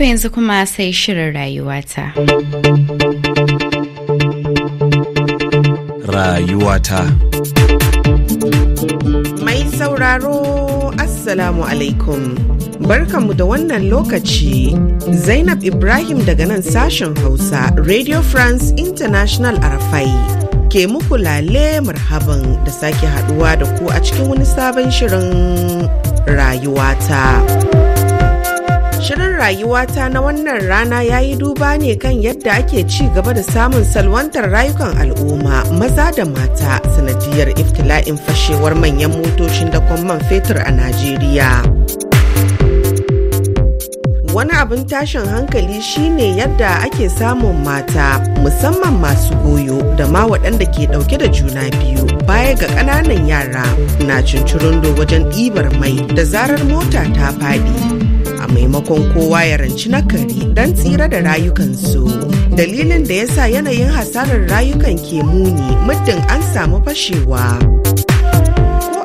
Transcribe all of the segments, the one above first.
To yanzu kuma sai shirin rayuwata. Rayuwata. Mai sauraro Assalamu alaikum. Barkanmu da wannan lokaci Zainab Ibrahim daga nan sashen Hausa Radio France International Arafai. ke muku lale marhaban da sake haduwa da ku a cikin wani sabon shirin rayuwata. Shirin rayuwata na wannan rana ya yi duba ne kan yadda ake ci gaba da samun salwantar rayukan al'umma maza da mata sanadiyar iftila'in fashewar manyan motocin da man fetur a Najeriya. Wani abin tashin hankali shine yadda ake samun mata musamman masu goyo da ma waɗanda ke ɗauke da juna biyu baya ga ƙananan yara na cincirindo wajen ɗibar mai da zarar mota ta faɗi. a maimakon kowa ya ranci na kari don tsira da rayukansu dalilin da ya sa yanayin hasarar rayukan ke muni muddin an samu fashewa.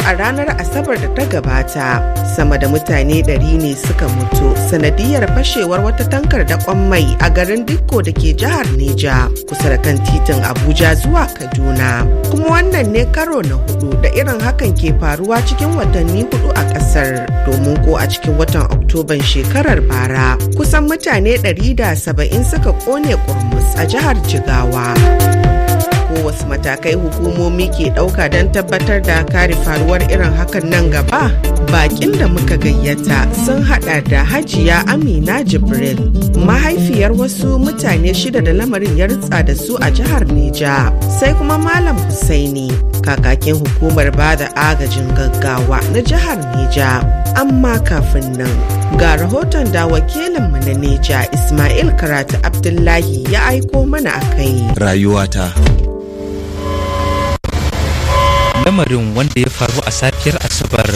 a ranar Asabar da ta gabata. Sama da mutane ɗari ne suka mutu sanadiyar fashewar wata tankar da mai a garin Dikko da ke jihar Neja kusa da kan titin Abuja zuwa Kaduna. Kuma wannan ne karo na hudu da irin hakan ke faruwa cikin watanni hudu a ƙasar domin ko a cikin watan Oktoban shekarar bara kusan mutane ɗari da saba'in suka kone kurmus a jihar Jigawa. ko wasu matakai hukumomi ke ɗauka don tabbatar da kare faruwar irin hakan nan gaba? Bakin da muka gayyata sun hada da Hajiya Amina Jibril, mahaifiyar wasu mutane shida da lamarin ya ritsa da su a jihar Neja, sai kuma Malam Husaini, kakakin hukumar bada agajin gaggawa na jihar Neja. Amma kafin nan, ga rahoton da wakilinmu na Neja Ismail Karatu Abdullahi ya aiko mana a kai. Rayuwata. lamarin wanda ya faru a safiyar asabar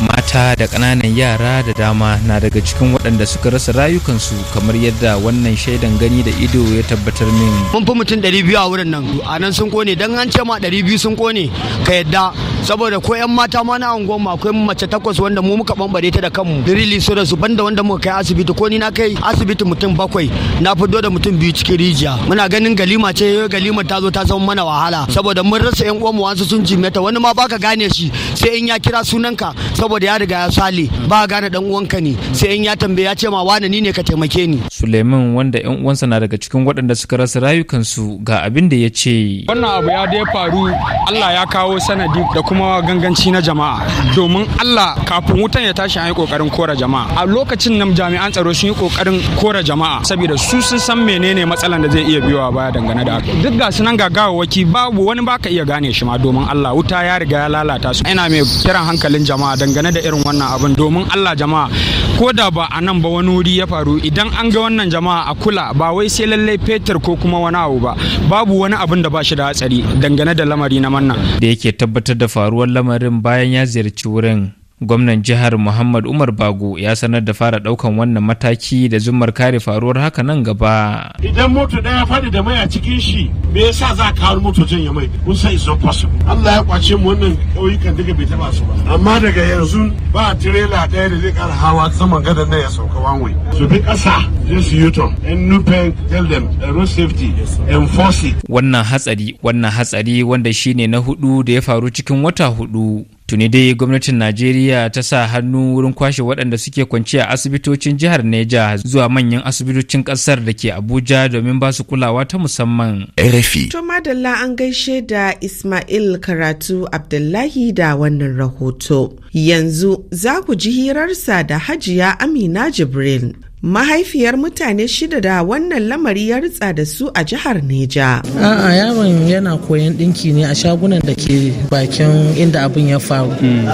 mata da ƙananan yara da dama na daga cikin waɗanda suka rasa rayukansu kamar yadda wannan shaidan gani da ido ya tabbatar min mun fi mutum 200 a wurin nan a nan sun kone dan an ce ma 200 sun kone ka yadda saboda ko yan mata ma na anguwan akwai mace takwas wanda mu muka bambare ta da kanmu dirili su da su banda wanda muka kai asibiti ko ni na kai asibiti mutum bakwai na fito da mutum biyu cikin rijiya muna ganin galima ce eh, galima ta zo ta zama mana wahala saboda mun rasa yan uwan mu wasu sun jimeta wani ma baka gane shi sai in ya kira sunanka saboda ya riga ya sale ba gane dan uwanka ne sai in ya tambaye ya ce ma wani ni ne ka taimake ni suleiman wanda 'yan uwansa na daga cikin waɗanda suka rasa rayukansu ga abin da ya ce wannan abu ya dai faru allah ya kawo sanadi da kuma ganganci na jama'a domin allah kafin wutan ya tashi an yi kokarin kora jama'a a lokacin nan jami'an tsaro sun yi kokarin kora jama'a saboda su sun san menene matsalan da zai iya biyowa baya dangane da haka duk ga su nan gagawawaki babu wani baka iya gane shi ma domin allah wuta ya riga ya lalata su ina mai kiran hankalin jama'a dangane da irin wannan abin domin allah jama'a ko da ba a nan ba wani wuri ya faru idan an ga wannan jama'a a kula ba wai sai lallai fetur ko kuma wani abu ba babu wani abin da ba shi da hatsari dangane da lamari na manna da yake tabbatar da faruwar lamarin bayan ya ziyarci wurin gwamnan jihar muhammad umar bago ya sanar da fara ɗaukan wannan mataki da zumar kare faruwar haka nan gaba idan moto daya faɗi da mai a cikin shi me yasa za ka kawo moto jan ya mai kun san is possible Allah ya kwace mu wannan kauyukan daga bai taba su ba amma daga yanzu ba tirela daya da zai kara hawa saman gadan nan ya sauka wanwai su bi kasa su yuton and nufin tell them uh, road safety enforce it wannan hatsari wannan hatsari wanda shine na hudu da ya faru cikin wata hudu tuni dai gwamnatin najeriya ta sa hannu wurin kwashe waɗanda suke kwanci a asibitocin jihar neja zuwa manyan asibitocin ƙasar da ke abuja domin ba su kulawa ta musamman rfi to madalla an gaishe da ismail karatu abdullahi da wannan rahoto yanzu za ku ji hirarsa da hajiya amina jibril mahaifiyar mutane shida da wannan lamari ya ritsa da su a jihar Neja. A'a yaron yana koyan ɗinki ne a shagunan da ke bakin inda abin ya faru. Hmm.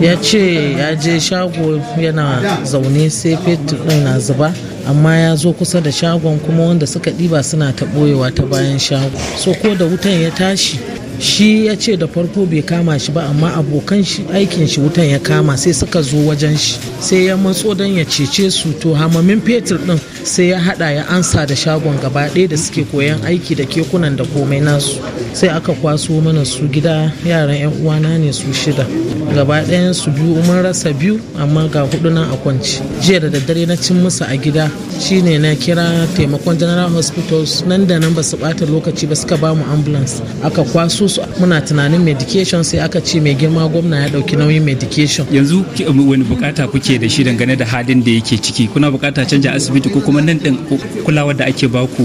Ya ce ya je shago yana zaune sai fetur ɗin na zuba. amma ya zo kusa da shagon kuma wanda suka ɗiba suna ta ɓoyewa ta bayan shago so ko da wutan ya tashi shi ya ce da farko bai kama shi ba amma abokan aikin shi wutan ya kama sai suka zo wajen shi sai ya matso don ya cece su to hamamin fetur din sai ya hada ya ansa da shagon gaba ɗaya da suke koyan aiki da kekunan da komai nasu sai aka kwaso mana su gida yaran yan uwana ne su shida gaba ɗaya su biyu mun rasa biyu amma ga hudu nan a kwanci jiya da daddare na cin musu a gida shine na kira taimakon general hospitals nan da nan ba su bata lokaci ba suka bamu ambulance aka kwaso su muna tunanin medication sai aka ce mai girma gwamna ya dauki nauyin medication yanzu wani bukata kuke kuke da shi dangane da halin da yake ciki kuna bukata canja asibiti ko kuma nan din kulawar da ake baku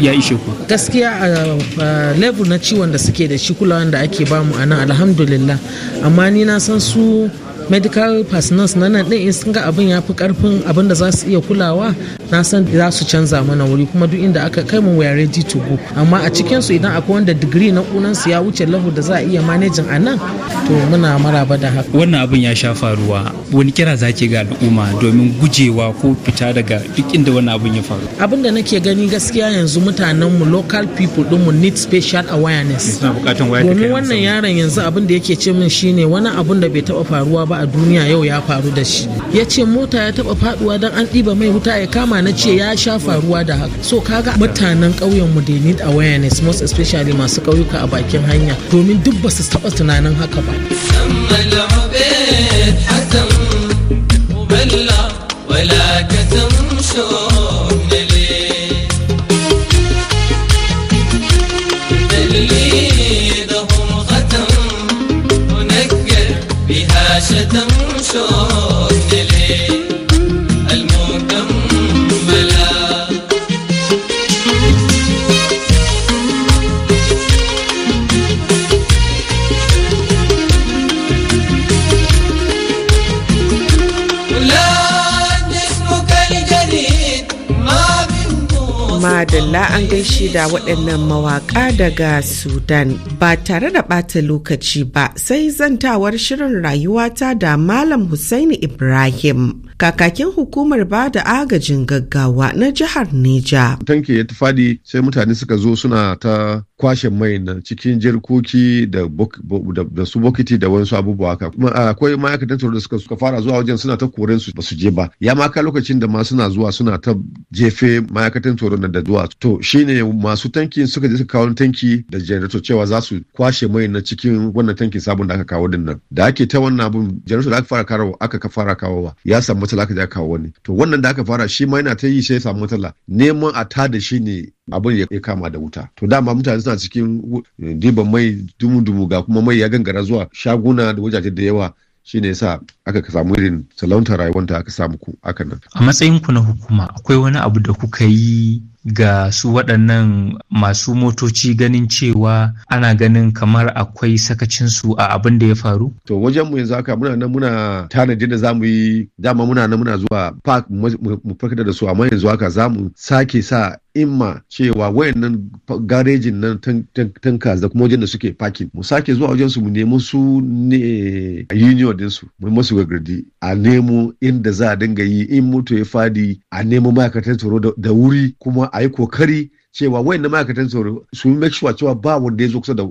ya ishe ku gaskiya a level na ciwon da suke da shi kulawar da ake bamu a nan alhamdulillah amma ni na san su medical personnel na nan ɗin sun ga abin ya fi karfin abin da za su iya kulawa na san za su canza mana wuri kuma duk inda aka kai mun wayar ready to go amma a cikin su idan akwai wanda digiri na kunan su ya wuce lahu da za a iya managing a nan to muna maraba da haka wannan abin ya sha faruwa wani kira zaki ga al'umma domin gujewa ko fita daga duk inda wannan abin ya faru abin da nake gani gaskiya yanzu mutanen mu local people din mu need special awareness domin wannan yaron yanzu abin da yake ce min shine wani abun da bai taba faruwa ba ba a duniya yau ya faru da shi ya ce mota ya taba faduwa don an ɗiba mai wuta ya kama na ce ya sha faruwa da haka so kaga mutanen ƙauyen mu they need awareness most especially masu ƙauyuka a bakin hanya domin duk ba su taba tunanin haka ba Madalla an gaishe da waɗannan mawaƙa daga Sudan ba tare da ɓata lokaci ba sai zantawar shirin rayuwata da Malam Hussaini Ibrahim. Kakakin hukumar ba da agajin gaggawa na jihar Neja. Tanke ya tafadi sai mutane suka zo suna ta kwashe mai na cikin jirkoki da su bokiti da wasu abubuwa haka. Kuma akwai ma'aikatan tsaro da suka fara zuwa wajen suna ta koren su ba su je ba. Ya maka lokacin da ma suna zuwa suna ta jefe ma'aikatan tsaro da zuwa kilowatt to ne masu tankin suka je suka kawo tanki da janarato cewa za su kwashe mai na cikin wannan tankin sabon da aka kawo din nan da ake ta wannan abun janareto da aka fara kawo aka fara kawowa ya samu matsala aka kawo wani to wannan da aka fara shi ma yana ta yi sai ya samu matsala neman a tada shi ne abin ya kama da wuta to dama mutane suna cikin eh, diban mai dumu-dumu ga kuma mai ya gangara zuwa shaguna da wajaje da yawa shine yasa aka samu irin salaunta rayuwar da aka samu ku aka nan a matsayin ku na hukuma akwai wani abu da kuka yi ga su waɗannan masu motoci ganin cewa ana ganin kamar akwai sakacinsu a abin da ya faru? To wajen mu yanzu haka muna nan muna tanadin da zamu yi dama muna nan muna zuwa park mu farkata da su amma yanzu haka zamu sake sa imma cewa wayannan garejin nan tankas da kuma wajen da suke parking mu sake zuwa wajen su mu nemi su ne a union din su mu masu gagardi a nemo inda za a dinga yi in moto ya fadi a nemo ma'aikatan tsaro da wuri kuma a yi kokari cewa wayannan ma'aikatan tsaro su make sure cewa ba wanda ya zo kusa da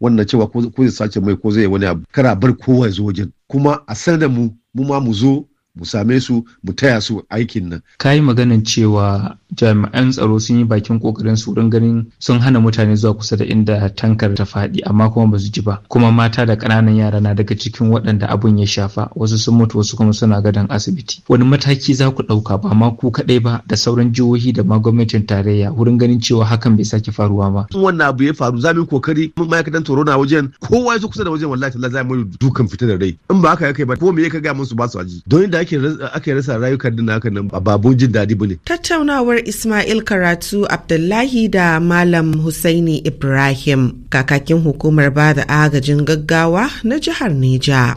wannan cewa ko zai sace mai ko zai yi wani abu kara bar kowa ya zo wajen kuma a sanar da mu mu ma mu zo mu same su mu taya su aikin nan. Ka yi maganin cewa jami'an tsaro sun yi bakin kokarin su wurin ganin sun hana mutane zuwa kusa da inda tankar ta faɗi amma kuma ba su ji ba kuma mata da ƙananan yara na daga cikin waɗanda abun ya shafa wasu sun mutu wasu kuma suna gadon asibiti. Wani mataki za ku ɗauka ba ma ku kaɗai ba da sauran jihohi da ma gwamnatin tarayya wurin ganin cewa hakan bai sake faruwa ba. In wannan abu ya faru za mu yi kokari ma'aikatan tsaro na wajen kowa ya kusa da wajen wallahi tallah za mu dukan fita da rai in ba haka ya kai ba ko me ya gaya musu ba su aji don ake aka rasa rayukan din haka nan Babu jin daɗi bane tattaunawar Ismail Karatu Abdullahi da Malam Husaini Ibrahim kakakin hukumar bada agajin gaggawa na jihar Neja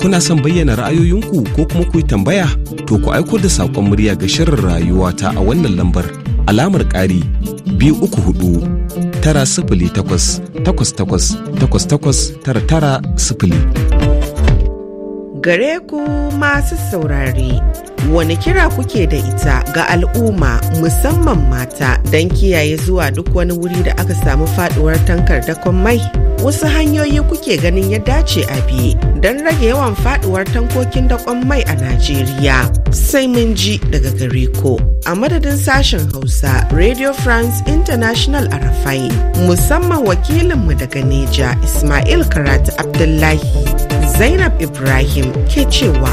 kuna son bayyana ra'ayoyinku ko kuma ku tambaya to ku aiko da saƙon murya ga shirin rayuwa ta a wannan lambar alamar ƙari biyu uku hudu tara sifili takwas takwas takwas takwas takwas tara sifili. Gare ku masu saurare, wani kira kuke da ita ga al'umma musamman mata don kiyaye zuwa duk wani wuri da aka samu faduwar tankar dakon mai? Wasu hanyoyi kuke ganin ya dace a biye don rage yawan faduwar tankokin dakon mai a Najeriya. Sai mun ji daga gare ku. A madadin sashen Hausa, Radio France International a Rafai, musamman wakilinmu daga Neja, Ismail Karatu Abdullahi. Zainab Ibrahim ke cewa